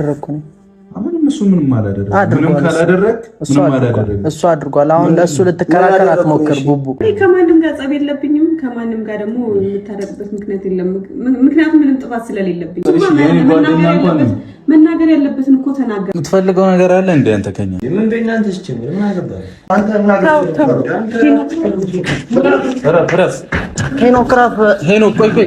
አደረግኩ ነው። እሱ ምንም አላደረግም። ምንም አድርጓል። አሁን ለእሱ ልትከራከር አትሞክር ቡቡ። ከማንም ጋር ጸብ የለብኝም። ከማንም ጋር ደግሞ የምታደርግበት ምክንያት የለም። ምክንያቱም ምንም ጥፋት ስለሌለብኝ መናገር ያለበትን እኮ ተናገር። የምትፈልገው ነገር አለ እንደ አንተ ከኛ ሄኖክ ራፍ ሄኖክ ቆይ ቆይ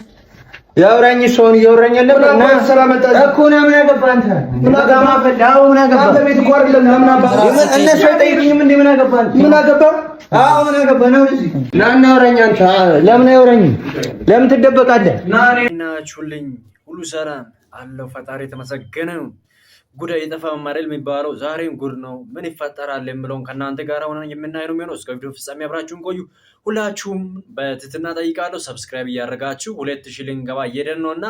ያውራኝ ሰውን እያወራኝ ምን ምን ፈዳው? ምን አገባ አንተ? ቤት ምን ምን ምን አዎ ምን አገባ ነው ለምን አያወራኝም? ለምን ትደበቃለህ? ናኔ ናችሁልኝ። ሁሉ ሰላም አለው። ፈጣሪ የተመሰገነ ነው። ጉድ የጠፋም የሚባለው ዛሬም ጉድ ነው። ምን ይፈጠራል የምለውን ከእናንተ ጋር ሆነ የምናይ ነው የሚሆነው። እስከ ቪዲዮ ፍጻሜ አብራችሁን ቆዩ። ሁላችሁም በትትና ጠይቃለሁ። ሰብስክራይብ እያደረጋችሁ ሁለት ሺ ልንገባ እየሄደን ነው እና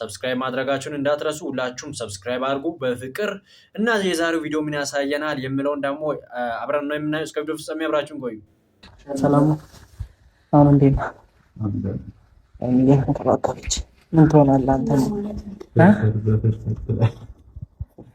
ሰብስክራይብ ማድረጋችሁን እንዳትረሱ። ሁላችሁም ሰብስክራይብ አድርጉ በፍቅር እና የዛሬው ቪዲዮ ምን ያሳየናል የምለውን ደግሞ አብረን ነው የምናየው። እስከ ቪዲዮ ፍጻሜ አብራችሁን ቆዩ። ሰላሙ አሁን እንዴት ነው? ምን ትሆናለህ አንተ ነው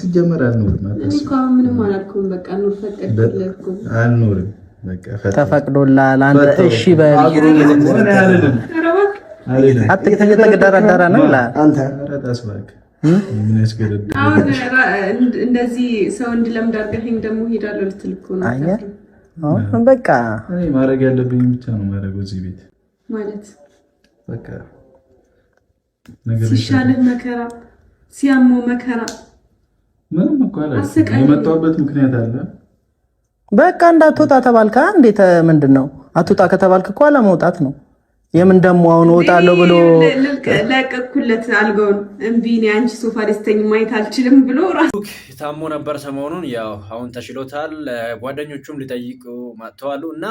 ሲጀመር አልኖርም ምንም አንተ እሺ እንደዚህ ሰው እንድለምድ አድርገኸኝ ደግሞ እሄዳለሁ ልትል እኮ ነው። በቃ ማድረግ ያለብኝ ብቻ ነው ማድረግ እዚህ ቤት ማለት በቃ ሲሻልህ መከራ ሲያመው መከራ ምንም እኮ አላውቅም። የመጣሁበት ምክንያት አለ። በቃ እንዳትወጣ ተባልካ? እንዴት ምንድን ነው? አትወጣ ከተባልክ እኮ አለመውጣት ነው። የምን ደግሞ አሁን እወጣለሁ ብሎ ለቀኩለት አልገውን እምቢ እኔ አንቺ ሶፋ ደስተኝ ማየት አልችልም ብሎ ራሱ ታሞ ነበር ሰሞኑን። ያው አሁን ተሽሎታል። ጓደኞቹም ሊጠይቁ መጥተዋሉ እና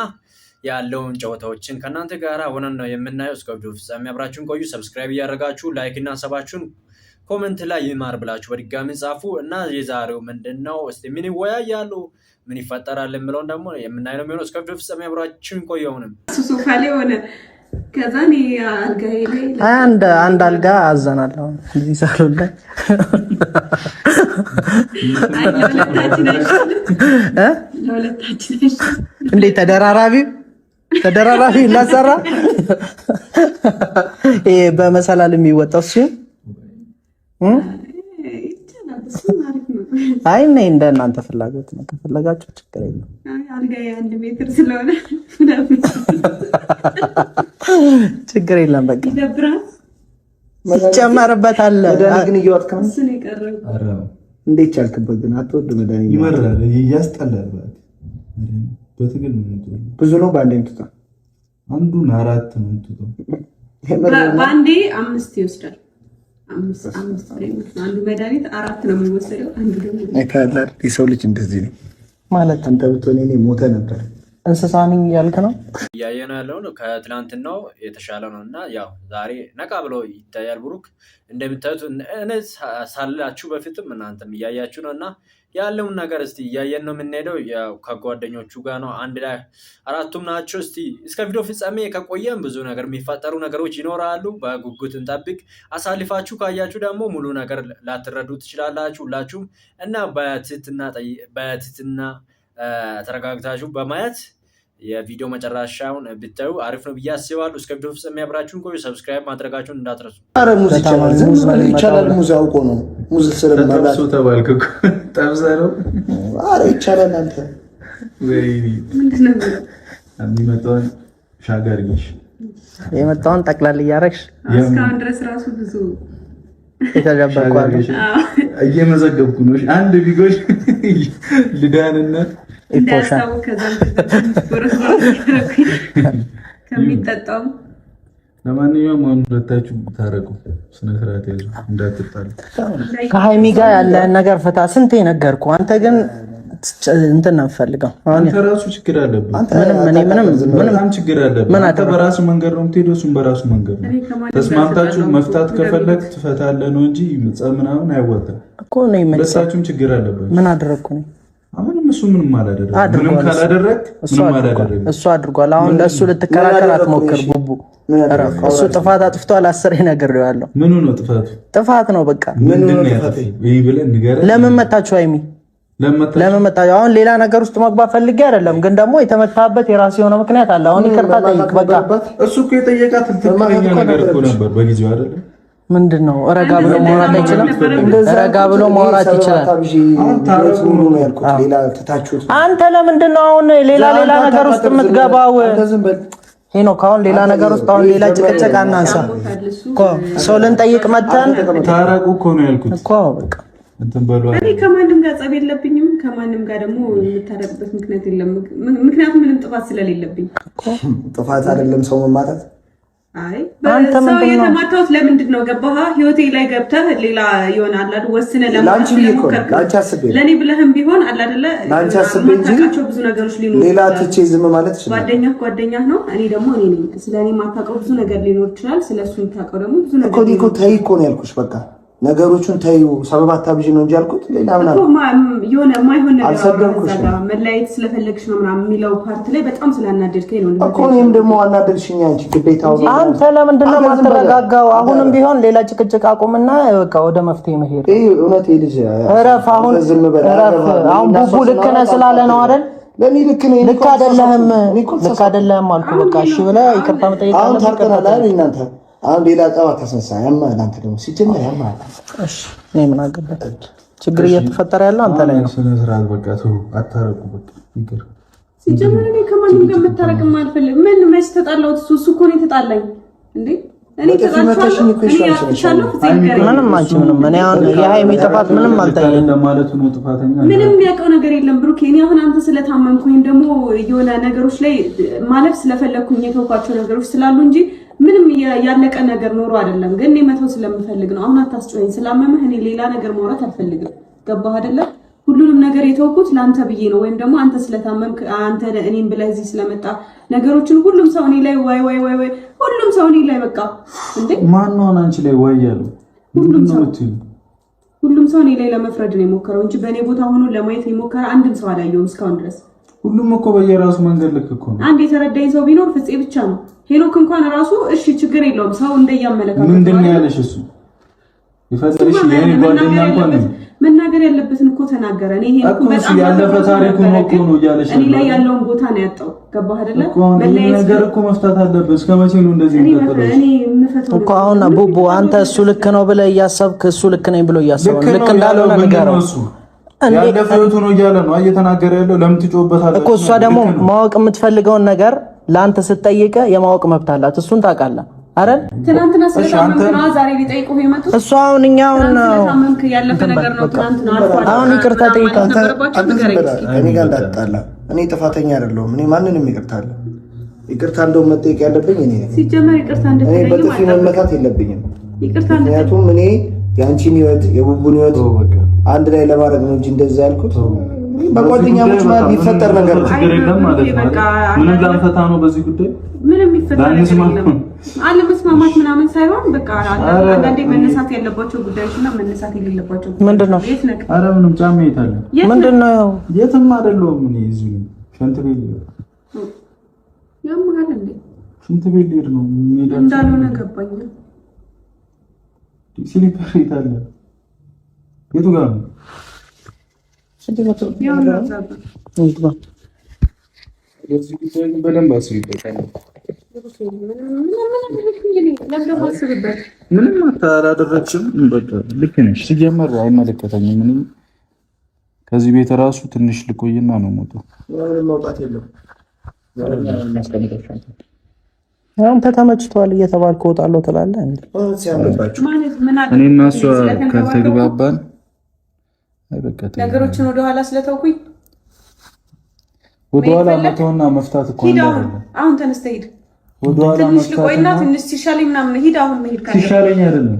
ያለውን ጨዋታዎችን ከእናንተ ጋር ሆነን ነው የምናየው። እስከ ፍጻሜ አብራችሁን ቆዩ። ሰብስክራይብ እያደረጋችሁ ላይክ እና ሰባችሁን ኮመንት ላይ ይማር ብላችሁ በድጋሚ ጻፉ እና የዛሬው ምንድን ነው ስ ምን ይወያያሉ፣ ምን ይፈጠራል የምለውን ደግሞ የምናየው የሚሆነው እስከ ቪዲዮ ፍጻሜ አብራችን ቆዩ። ሶፋ ላይ ሆነ አንድ አንድ አልጋ አዘናለሁ እዚህ ሳሎን ላይ እንዴ ተደራራቢ ተደራራቢ እናሰራ ይሄ በመሰላል የሚወጣው ሲሆን አይ እኔ እንደ እናንተ ፍላጎት ነው። ከፈለጋችሁ ችግር የለም። ችግር የለም። በቃ ይጨመርበታል። ግን እንዴት ቻልክበት? ግን አትወድ መድኃኒት ይመራል፣ እያስጠላል። በትግል ብዙ ነው። በአንድ አንዱን አራት ነው። በአንዴ አምስት ይወስዳል አንዱ መድኃኒት አራት ነው የሚወሰደው። አንዱ ደግሞ የሰው ልጅ እንደዚህ ነው ማለት አንተ ብትሆን እኔ ሞተ ነበር። እንስሳ ነኝ እያልክ ነው እያየነው ያለው ነው። የተሻለ ነው እና ያው ዛሬ ነቃ ብሎ ይታያል። ብሩክ እንደምታዩት እኔ ሳላችሁ በፊትም እናንተም እያያችሁ ነው እና ያለውን ነገር እስቲ እያየን ነው የምንሄደው። ያው ከጓደኞቹ ጋር ነው አንድ ላይ አራቱም ናቸው። እስቲ እስከ ቪዲዮ ፍጻሜ ከቆየም ብዙ ነገር የሚፈጠሩ ነገሮች ይኖራሉ። በጉጉት እንጠብቅ። አሳልፋችሁ ካያችሁ ደግሞ ሙሉ ነገር ላትረዱ ትችላላችሁ ሁላችሁም እና በትትና በትትና ተረጋግታችሁ በማየት የቪዲዮ መጨረሻውን ብታዩ አሪፍ ነው ብዬ አስባለሁ። እስከ ቪዲዮ ፍጻሜ ያብራችሁን ቆዩ። ሰብስክራይብ ማድረጋችሁን እንዳትረሱ። ይቻላል፣ ሙዝ አውቆ ነው ሙዝ ስለመብላት ተባልክ። ጠብሰ ነው። አረ ይቻላል። አንተ የሚመጣውን ሻገር ነሽ የመጣውን ጠቅላል እያረግሽ እስካሁን ድረስ ራሱ ብዙ እየመዘገብኩ ነው። አንድ ቢጎል ልዳንነት እንዳያስታው ለማንኛውም አሁን ሁለታችሁ ታረቁ፣ ስነ ስርዓት ያዙ፣ እንዳትጣሉ። ከሀይሚ ጋር ያለህን ነገር ፍታ። ስንቴ ነገርኩ። አንተ ግን እንትን ነው የምፈልገው። አንተ ራሱ ችግር አለብህ። በራሱ መንገድ ነው የምትሄደው፣ እሱም በራሱ መንገድ ነው። ተስማምታችሁ መፍታት ከፈለግ ትፈታለህ ነው እንጂ ፀብ ምናምን አይዋጣም እኮ። ችግር አለበት። ምን አደረግኩ ነው? እሱ ምንም አላደረግም። ምንም ካላደረግ እሱ አድርጓል። አሁን ለእሱ ልትከራከር አትሞክር ቡቡ። እሱ ጥፋት አጥፍቷል። አስሬ ነግሬዋለሁ። ምኑ ነው ጥፋቱ? ጥፋት ነው በቃ። ለምን መታችሁ አይሚ ለምን መጣሽ? አሁን ሌላ ነገር ውስጥ መግባት ፈልጌ አይደለም፣ ግን ደግሞ የተመታበት የራሱ የሆነ ምክንያት አለ። አሁን ይቅርታ ጠይቅ በቃ። እሱ እኮ የጠየቃት ትክክለኛ ነገር እኮ ነበር በጊዜው አይደለም። ምንድን ነው ረጋ ብሎ ማውራት አይችልም? ረጋ ብሎ ማውራት ይችላል። አንተ ለምንድን ነው አሁን ሌላ ሌላ ነገር ውስጥ የምትገባው? ሄኖ ካሁን ሌላ ነገር ውስጥ አሁን ሌላ ጭቅጭቅ አናንሳ እኮ ሰው ልንጠይቅ መተን ታረቁ እኮ ነው ያልኩት እኮ በቃ እንትን በሉ። እኔ ከማንም ጋር ጸብ የለብኝም። ከማንም ጋር ደግሞ የምታረቅበት ምክንያት የለም። ምክንያቱም ምንም ጥፋት ስለሌለብኝ ጥፋት አይደለም ሰው መማታት። አይ ሰው የተማታሁት ለምንድን ነው ገባህ? ህይወቴ ላይ ገብተህ ሌላ የሆነ አላድ ወስነ ለማለት ለእኔ ብለህም ቢሆን አላደለ ማታውቃቸው ብዙ ነገሮች ሊኖሩ ሌላ ትቼ ዝም ማለት ይችላል። ጓደኛ ጓደኛ ነው። እኔ ደግሞ እኔ ነኝ። ስለ እኔ ማታውቀው ብዙ ነገር ሊኖር ይችላል። ስለ እሱ የምታውቀው ደግሞ ብዙ ነገር እኮ ተይ እኮ ነው ያልኩሽ በቃ ነገሮቹን ተዩ ሰበብ አታብዢ ነው እንጂ ያልኩት ሌላ ምናምን አልሰደብኩሽም። መለያየት ስለፈለግሽ ነው ምናምን የሚለው ፓርት ላይ በጣም ስላናደድከኝ ነው እኮ። እኔም ደግሞ አናደድሽኝ አንቺ። ግዴታ አንተ ለምንድን ነው የማትረጋጋው? አሁንም ቢሆን ሌላ ጭቅጭቅ አቁምና በቃ ወደ መፍትሄ መሄድ። እውነት ልጅ እረፍ፣ አሁን አሁን ቡቡ ልክ ነህ ስላለ ነው አይደል? ለኔ ልክ ነህ። ልክ አይደለህም፣ ልክ አይደለህም አልኩህ። በቃ እሺ ብለህ ይቅርታ መጠየቅ አሁን ታርቀናል እናንተ አሁን ሌላ ጸባ ተሰሳ ያማ አንተ ደግሞ ሲጀምር ያማ እሺ እኔ ምን አገባኝ? ችግር እየተፈጠረ ያለው አንተ ላይ ነው። ስነ ስርዓት በቃ ተው፣ አታረቁ። በቃ ይቅር። ሲጀምር እኔ ከማንም ጋር መታረቅ አልፈልግም። ምን መች ተጣላሁት? እሱ እሱ እኮ ነው የተጣላኝ እንዴ እኔ ምንም አንቺ ምንም እኔ አሁን የሀይሚ ጥፋት ምንም አልታየኝም። ምንም የሚያውቀው ነገር የለም ብሩክ። እኔ አሁን አንተ ስለታመምኩኝ ደግሞ የሆነ ነገሮች ላይ ማለፍ ስለፈለግኩኝ የተውኳቸው ነገሮች ስላሉ እንጂ ምንም ያለቀ ነገር ኖሮ አይደለም፣ ግን እኔ መተው ስለምፈልግ ነው። አሁን አታስጮኸኝ። ስላመመህ እኔ ሌላ ነገር ማውራት አልፈልግም። ገባህ አይደለም? ሁሉንም ነገር የተውኩት ለአንተ ብዬ ነው። ወይም ደግሞ አንተ ስለታመምክ አንተ እኔን ብለህ እዚህ ስለመጣ ነገሮችን ሁሉም ሰው እኔ ላይ ወይ ወይ ወይ ወይ ሁሉም ሰው እኔ ላይ በቃ እንዴ! ማን ነው አንቺ ላይ ወይ ያሉ ሁሉም ሰው ሁሉም ሰው እኔ ላይ ለመፍረድ ነው የሞከረው እንጂ በእኔ ቦታ ሆኖ ለማየት የሞከረ አንድም ሰው አላየውም እስካሁን ድረስ። ሁሉም እኮ በየራሱ መንገድ ልክ እኮ ነው። አንድ የተረዳኝ ሰው ቢኖር ፍፄ ብቻ ነው። ሄኖክ እንኳን ራሱ እሺ ችግር የለውም ሰው እንደያመለካከቱ ምንድን ነው ያለሽ? እሱ ይፈጥርሽ የኔ ጓደኛ እንኳን መናገር ያለበትን እኮ ተናገረ። እኔ ይሄን እኮ በጣም ያለፈ ታሪኩ ነው እኮ ነው እያለሽ እኔ ላይ ያለውን ቦታ ነው ያጣው። ገባህ አይደለ? ነገር እኮ መፍታት አለበት። እስከ መቼ ነው እንደዚህ የምትቀጥለው እኮ? አሁን ቡቡ አንተ እሱ ልክ ነው ብለህ እያሰብክ እሱ ልክ ነኝ ብሎ እያሰብክ ልክ እንዳልሆነ ንገረው። ያለፈ ህይወቱ ነው እያለ ነው እየተናገረ ያለው። ለምን ትጮህበታለህ እኮ? እሷ ደግሞ ማወቅ የምትፈልገውን ነገር ለአንተ ስትጠይቀ የማወቅ መብት አላት። እሱን ታውቃለህ አይደል? ትናንትና አሁን እኛ አሁን ይቅርታ ጠይቃት። እኔ ጥፋተኛ አይደለሁም። እኔ ማንንም ይቅርታለሁ። ይቅርታ እንደውም መጠየቅ ያለብኝ እኔ ነኝ። ሲጀመር ይቅርታ እንደዚህ በጥፊ መመታት የለብኝም። ምክንያቱም እኔ የአንቺን ህይወት የቡቡን ህይወት አንድ ላይ ለማድረግ ነው እንጂ እንደዛ ያልኩት በጓደኛሞች ማለት የሚፈጠር ነገር ነው። ምንም ላንፈታ ነው በዚህ ጉዳይ ምንም የሚፈጠር አለመስማማት ምናምን ሳይሆን በቃ አንዳንዴ መነሳት ያለባቸው ጉዳዮች እና መነሳት የሌለባቸው ምንድን ነው? ኧረ ምንም ጫማ የት አለ? ምንድን ነው? የትም አይደለሁም እኔ እዚሁ ከእንትን ቤት ያምሃል እንዴ? ሽንት ቤት ልሄድ ነው እንዳልሆነ ገባኝ። ሲሊፐር የት አለ? የቱ ጋር ነው? በደንብ አስብበት። ምንም አላደረግሽም። ልክ ነሽ። ሲጀመር አይመለከተኝም። ምንም ከዚህ ቤት እራሱ ትንሽ ልቆይና ነው የምወጣው። አሁን ተተመችቷል እየተባልክ እወጣለሁ ትላለህ። እኔ እና እሷ ካልተግባባን ነገሮችን ወደኋላ ስለተውኩኝ ወደኋላ መተውና መፍታት እኮ አሁን ተነስተህ ሂድ። ትንሽ ልቆይና ትንሽ ሲሻለኝ ምናምን ሂድ። አሁን መሄድ ካለ ሲሻለኝ አይደለም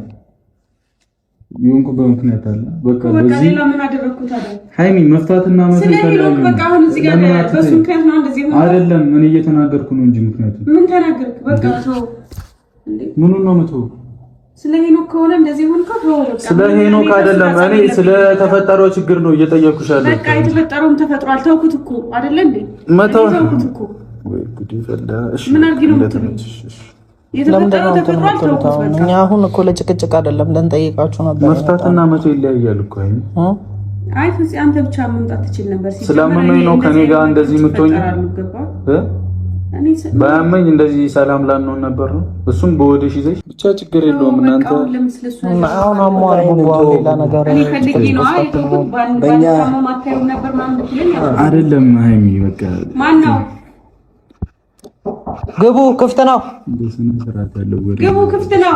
ይሁንኩ በምክንያት አለ። በቃ በዚህ ምን ሃይሚ መፍታትና አይደለም። ምን እየተናገርኩ ነው እንጂ ምክንያቱ ምን በቃ ምኑን ነው ስለ ሄኖክ ከሆነ እንደዚህ ሆንከው ስለ ሄኖክ አይደለም፣ እኔ ስለተፈጠረው ችግር ነው እየጠየኩሽ ያለው። በቃ የተፈጠረውም ተፈጥሯል። ተውኩት እኮ አይደለ እንዴ? ተውኩት እኛ አሁን እኮ ለጭቅጭቅ አይደለም፣ ልንጠይቃችሁ ነበር። መፍታትና መቶ ይለያያል እኮ አይ፣ ፍፄ አንተ ብቻ መምጣት ትችል ነበር። ስለምን ነው ከኔ ጋር እንደዚህ የምትሆኝ? በአመኝ እንደዚህ ሰላም ላንሆን ነበር ነው። እሱም በወደሽ ይዘሽ ብቻ ችግር የለውም። እናንተ አሁን አሟል ሌላ ነገር አይደለም። ሀይሚ በቃ ግቡ፣ ክፍት ነው። ግቡ፣ ክፍት ነው።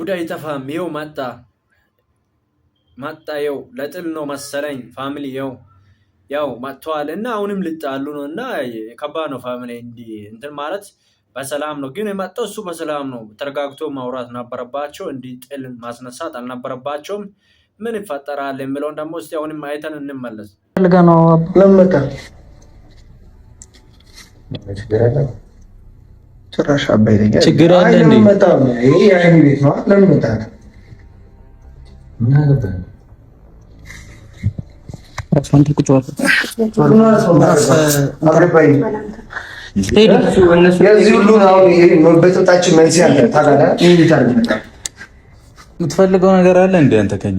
ጉዳይ ተፋም የው መጣ መጣ የው ለጥል ነው መሰለኝ ፋሚሊ የው ያው መጥተዋል እና አሁንም ልጣሉ ነው እና ከባድ ነው ፋሚሊ እንዲህ እንትን ማለት በሰላም ነው ግን የመጣው እሱ በሰላም ነው። ተረጋግቶ ማውራት ነበረባቸው። እንዲህ ጥል ማስነሳት አልነበረባቸውም። ምን ይፈጠራል የሚለውን ደግሞ እስኪ አሁንም አይተን እንመለስ ልገ ነው ለመጣ ጭራሽ አባይ ይለኛል። ችግር አለ እንዴ? የምትፈልገው ነገር አለ እንዴ አንተ ከኛ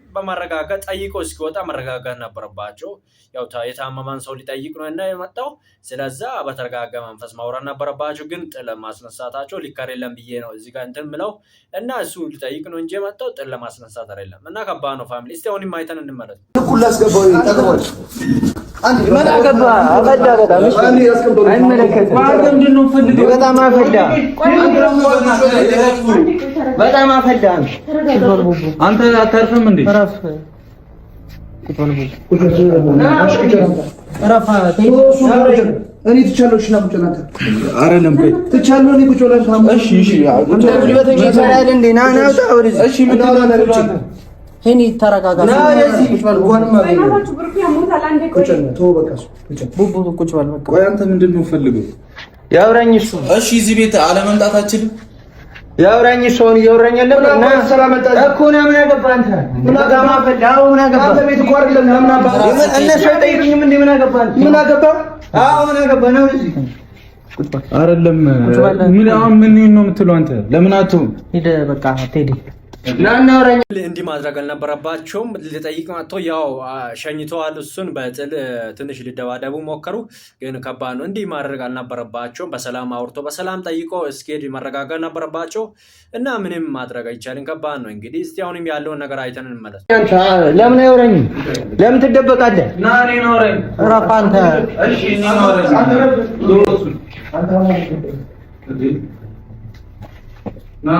በማረጋጋት ጠይቆ እስኪወጣ መረጋጋት ነበረባቸው። ያው የታመመን ሰው ሊጠይቅ ነው እና የመጣው ስለዛ በተረጋጋ መንፈስ ማውራት ነበረባቸው። ግን ጥል ለማስነሳታቸው ሊካር የለም ብዬ ነው እዚህ ጋር እንትን ምለው እና እሱ ሊጠይቅ ነው እንጂ የመጣው ጥል ለማስነሳት አይደለም። እና ከባድ ነው ፋሚሊ። እስቲ አሁን ማይተን እንመለስ። ምን አፈዳ በጣም አፈዳ አንተ አታርፍም እንዴ? እረፍ። እኔ ቁጭ በል በቃ። ቆይ እሱ። እሺ እዚህ ቤት አለመምጣታችን ያውራኝ ሰውን እያወራኝ ያለ ነው። እና ምን ምን ፈዳው? ምን አንተ? ቤት ምን ምን ነው ምን አሁን ምን ነው የምትለው አንተ? ለምን አትሆን? ሂድ በቃ አትሄድ እንዲህ ማድረግ አልነበረባቸውም። ልጠይቅ መጥቶ ያው ሸኝተዋል። እሱን በጥል ትንሽ ሊደባደቡ ሞከሩ፣ ግን ከባድ ነው። እንዲህ ማድረግ አልነበረባቸውም። በሰላም አውርቶ በሰላም ጠይቆ እስኪሄድ መረጋገር ነበረባቸው እና ምንም ማድረግ አይቻልም። ከባድ ነው። እንግዲህ እስቲ አሁንም ያለውን ነገር አይተን እንመለስ። ለምን አይወረኝም? ለምን ትደበቃለህ? ና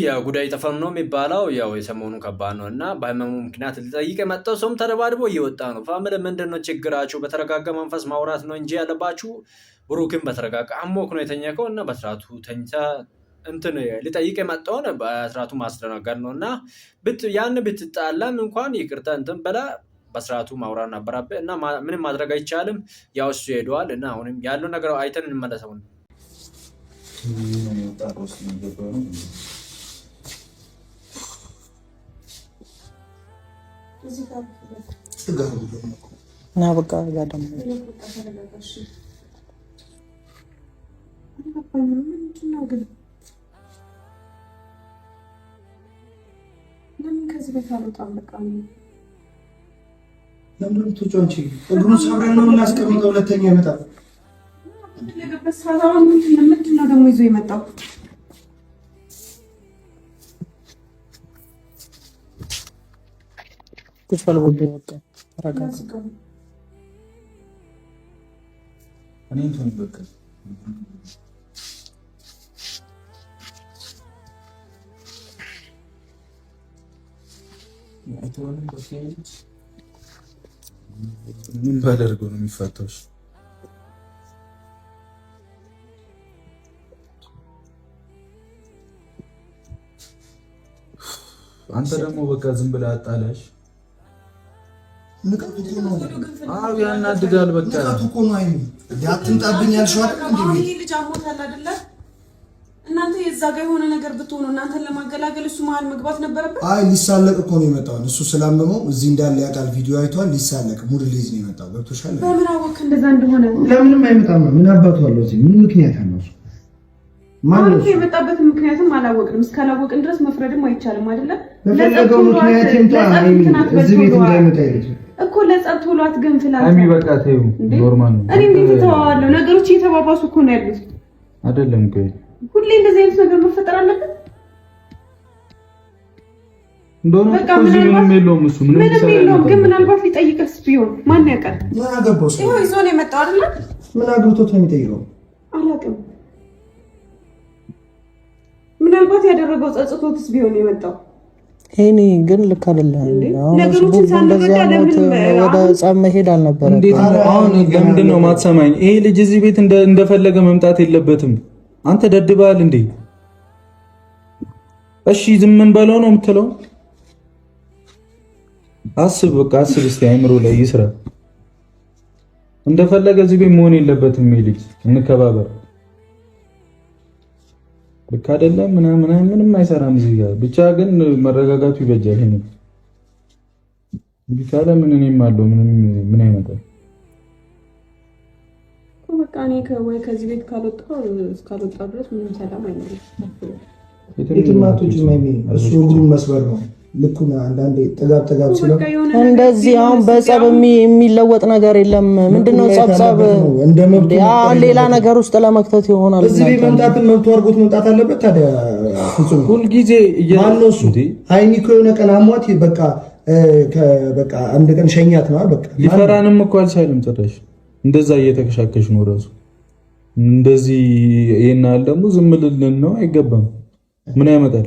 እንግዲህ ያው ጉዳይ ጠፈኑ ነው የሚባለው ያው የሰሞኑ ከባድ ነው እና በህመሙ ምክንያት ልጠይቅ የመጣው ሰውም ተደባድቦ እየወጣ ነው። ፋምል ምንድን ነው ችግራችሁ? በተረጋጋ መንፈስ ማውራት ነው እንጂ ያለባችሁ። ብሩክን በተረጋጋ አሞክ ነው የተኘከው እና በስርዓቱ ተኝተ እንትን ልጠይቅ የመጣውን በስርዓቱ ማስደናገር ነው እና ያን ብትጣላም እንኳን ይቅርታ እንትን በላ በስርዓቱ ማውራት ነበረብህ እና ምንም ማድረግ አይቻልም። ያው እሱ ሄደዋል እና አሁንም ያለው ነገር አይተን እንመለሰው ነው ና በቃ እዛ ደግሞ ለምን ከዚህ ቤት አልወጣም? በቃ ለምን ትወጪ? አንቺ እግሩ ሰብረን ነው የምናስቀምጠው። ሁለተኛ ይመጣል። ምንድን ነው ደግሞ ይዞ የመጣው? ቁጭ በል ውዴ፣ በቃ ተረጋጋ። ምን ባደርገው ነው የሚፋታው? አንተ ደግሞ በቃ ዝም ብለህ አጣለሽ። ንቀቱ እኮ ያናድጋል። በቃ ንቀቱ እኮ ነው። አይኑ ያትምጣብኝ ያልሽዋል እንዴ? ይሄ ልጅ አሞታል አይደለ? እናንተ የዛ ጋር የሆነ ነገር ብትሆኑ እናንተን ለማገላገል እሱ መሀል መግባት ነበረበት። አይ ሊሳለቅ እኮ ነው የመጣው። እሱ ስላመመው እዚህ እንዳለ ያውቃል። ቪዲዮ አይቷል። ሊሳለቅ ሙድ ሊይዝ ነው የመጣው። ገብቶሻል። በምን አወቅ እንደዛ እንደሆነ? ለምንም አይመጣም ምን አባቱ አለው እዚህ? ምን ምክንያት አለው እሱ? ማለት የመጣበትን ምክንያትም አላወቅንም። እስካላወቅን ድረስ መፍረድም አይቻልም አይደለ? ለፈለገው ምክንያት ይምጣ። እዚህ ቤት እንዳይመጣ ይልኝ እኮ ለጸብ ቶሎ አትገንፍላ አይ በቃ ተይው፣ ኖርማል ነው። እኔ እንዴት ተዋዋለሁ? ነገሮች እየተባባሱ እኮ ነው ያሉት። አይደለም ቆይ፣ ሁሌ እንደዚህ አይነት ነገር መፈጠር አለበት እንደሆነ በቃ ምንም የለውም እሱ ምንም የለውም። ግን ምናልባት ሊጠይቅስ ቢሆን ማን ያውቃል? ምን አገባው? ይኸው ይዞ ነው የመጣው አይደለ? ምን አግብቶት ነው የሚጠይቀው? አላውቅም። ምናልባት ያደረገው ጸጽቶትስ ቢሆን የመጣው ይሄኔ ግን ልክ አይደለም። ጻ ወደ ህፃን መሄድ አልነበረ። አሁን ለምንድን ነው ማትሰማኝ? ይሄ ልጅ እዚህ ቤት እንደፈለገ መምጣት የለበትም። አንተ ደድበሃል እንዴ? እሺ ዝምን በለው ነው የምትለው? አስብ፣ በቃ አስብ። እስኪ አይምሮ ላይ ይስራ። እንደፈለገ እዚህ ቤት መሆን የለበትም። ይሄ ልጅ እንከባበር ልክ አይደለም ምናምን ምንም አይሰራም። እዚህ ጋር ብቻ ግን መረጋጋቱ ይበጃል። ይሄን ቢካለ ምን እኔም አለው ምንም ምን አይመጣም። በቃ እኔ ወይ ከዚህ ቤት ካልወጣሁ እስካልወጣሁ ድረስ ምንም ሰላም አይኖርም። የትማቶች እሱ ሁሉም መስበር ነው ልኩ አንዳንዴ ጥጋብ ጥጋብ ሲለው እንደዚህ አሁን በጸብ የሚለወጥ ነገር የለም። ምንድነው ጸብጸብ ሌላ ነገር ውስጥ ለመክተት ይሆናል። እዚህ ቤት መምጣትን መብቱ አድርጎት መምጣት አለበት። ታዲያ ሁልጊዜ ማነው እሱ ሀይሚ እኮ የሆነ ቀን አሟት በቃ በቃ አንድ ቀን ሸኛት ነው በቃ ሊፈራንም እኮ አልቻለም። ጭራሽ እንደዛ እየተከሻከሽ ነው ራሱ እንደዚህ ይሄናል። ደግሞ ዝም ልልን ነው አይገባም። ምን ያመጣል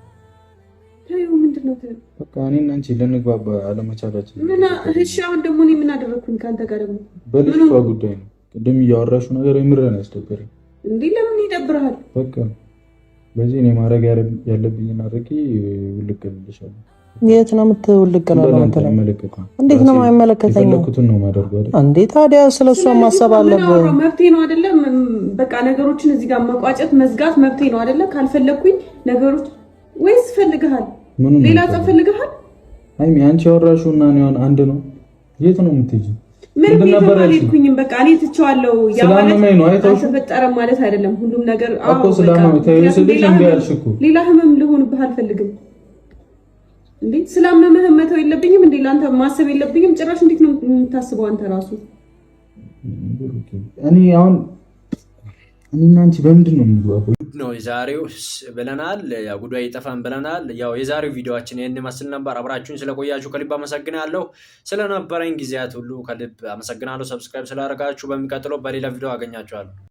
በቃ እኔ እና አንቺ ልንግባባ አለመቻላችን እሺ አሁን ደግሞ እኔ ምን አደረግኩኝ? ከአንተ ጋር ደግሞ በልጅቷ ጉዳይ ነው። ቅድም እያወራሽው ነገር የምረን ያስደበረኝ እንዴ? ለምን በቃ በዚህ እኔ ማድረግ ያለብኝ አድርጌ ውልቅ እልልሻለሁ። የት ነው የምትውልቅ? እንዴት ነው የማይመለከተኝ? እንዴ ታዲያ ስለ እሷ ማሰብ አለብህ። መብቴ ነው በቃ ነገሮችን እዚህ ጋር መቋጨት መዝጋት መብቴ ነው አይደለ? ካልፈለግኩኝ ነገሮች ወይስ ፈልግሃል? ሌላ ጸብ ፈልገሃል? አይሚ አንቺ ያወራሽው እና ነው አንድ ነው። የት ነው የምትሄጂው? ምን ነበር አልሄድኩኝም። በቃ እኔ ትቼዋለሁ። ያ ማለት አልተፈጠረም ማለት አይደለም። ሁሉም ነገር እኮ ስላመመኝ ተይው ስልሽ እንደ ያልሽ እኮ ሌላ ህመም ልሆንብህ አልፈልግም። እንዴ ስላመመህ መተው የለብኝም እንዴ? ለአንተ ማሰብ የለብኝም ጭራሽ። እንዴት ነው የምታስበው አንተ ራሱ? እኔ አሁን እኔ እና አንቺ በምንድን ነው የሚግባባው? ጉድ ነው የዛሬው ብለናል። ጉዳይ ይጠፋን ብለናል። ያው የዛሬው ቪዲዮችን ይህን መስል ነበር። አብራችሁን ስለቆያችሁ ከልብ አመሰግናለሁ። ስለነበረኝ ጊዜያት ሁሉ ከልብ አመሰግናለሁ። ሰብስክራይብ ስላደረጋችሁ በሚቀጥለው በሌላ ቪዲዮ አገኛችኋለሁ።